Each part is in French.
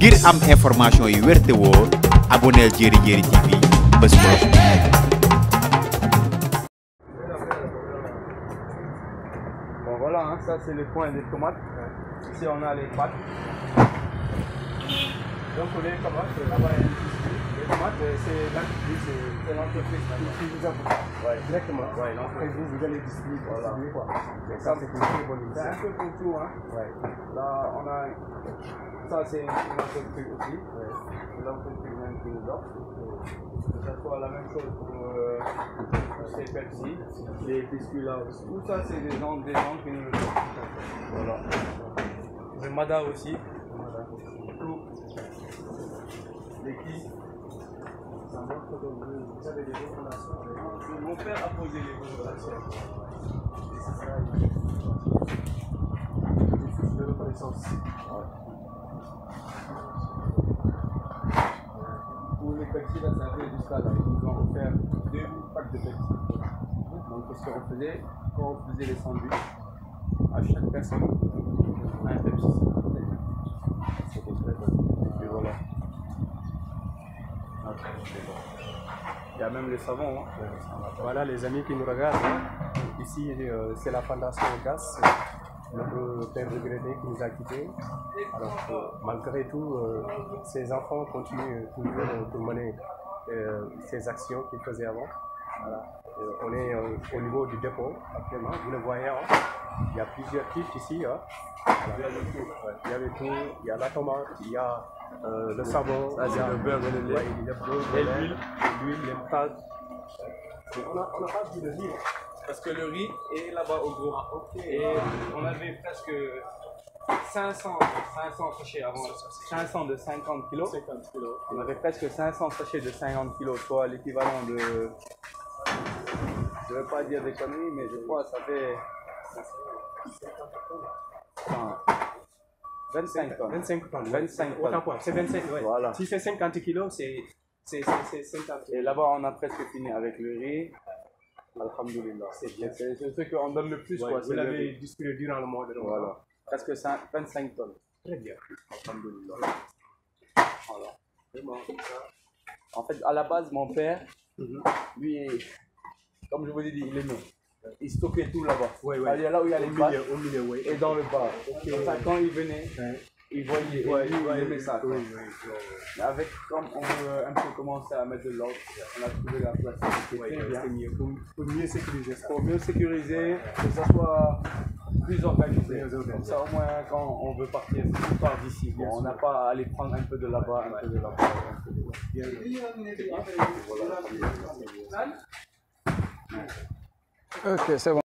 ngir am information yu wér te wóor Jeri Jeri TV bo bés boobu. Hein, ça c'est le coin des tomates. Ici on a les pâtes. Donc les tomates, là-bas les tomates, c'est l'entreprise, c'est l'entreprise qui vous a ouais. Directement. Ouais, l'entreprise. Vous, vous allez distribuer. Voilà. Quoi. Et ça c'est une très bonne idée. C'est un peu pour tout. Hein. Ouais. Là on a ça, c'est une entreprise aussi. Ouais. L'entreprise même qui nous offre. Que ça soit la même chose pour, euh, pour ces Pepsi, les biscuits là aussi. Tout ça, c'est des gens, des gens qui nous le donnent. Voilà. Le Mada aussi. Tout. Les qui vous avez des recommandations avec Mon père a posé les recommandations. Et c'est ça, il y a une de reconnaissance. le Pepsi, là, ça jusqu'à là. nous ont offert deux packs de Pepsi. Donc, ce qu'on faisait Quand on faisait les sandwichs, à chaque personne, un Pepsi. C'était très bon. Et puis voilà. Il y a même les savons, hein. Voilà les amis qui nous regardent. Hein. Ici, euh, c'est la fondation Gas notre père regretté qui nous a quittés. Alors malgré tout, ces euh, enfants continuent toujours de mener euh, ces actions qu'ils faisaient avant. Voilà. Euh, on est au niveau du dépôt actuellement, vous le voyez, hein. il y a plusieurs types ici. Hein. Il y a le tout, il y a la tomate, il y a le savon, il y a le beurre et le lait, l'huile, l'huile, les pâtes. On n'a pas dit de livre. Parce que le riz est là-bas au gros. Ah, Et on avait presque 500, 500 sachets avant. 500 de 50 kilos. 50 On avait presque 500 sachets de 50 kilos, soit l'équivalent de. Je ne vais pas dire des conneries, mais je crois que ça fait. 25 tonnes. 25 tonnes. 25 tonnes. C'est 25, Si c'est 50 kilos, c'est. 50 kilos. Et là-bas, on a presque fini avec le riz. Alhamdulillah. C'est bien. C'est ce qu'on donne le plus. quoi. Vous l'avez distribué durant le mois de novembre. Voilà. Presque 25 tonnes. Très bien. Alhamdulillah. Voilà. En fait, à la base, mon père, mhm. lui, comme je vous ai dit, il est mort. Il stockait tout là-bas. Ouais, ouais. Là où il y a les au milieu, au milieu, ouais. Et dans le bar. Donc, ça, quand il venait, ils voyaient, ouais, ils ça. Avec, comme on veut un peu commencer à mettre de l'ordre, on a trouvé la place. c'est mieux. Pour, mieux sécuriser Pour mieux sécuriser, que ça soit plus organisé. Comme ça, au moins, quand on veut partir, on part d'ici. on n'a pas à aller prendre un peu de là-bas, un peu de là Ok, c'est bon.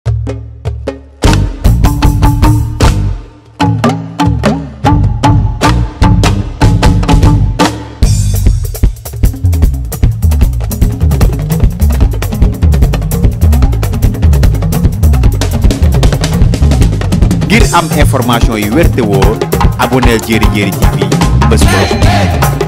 ngir am information yu wér te wóor abonneel Jéeri TV bés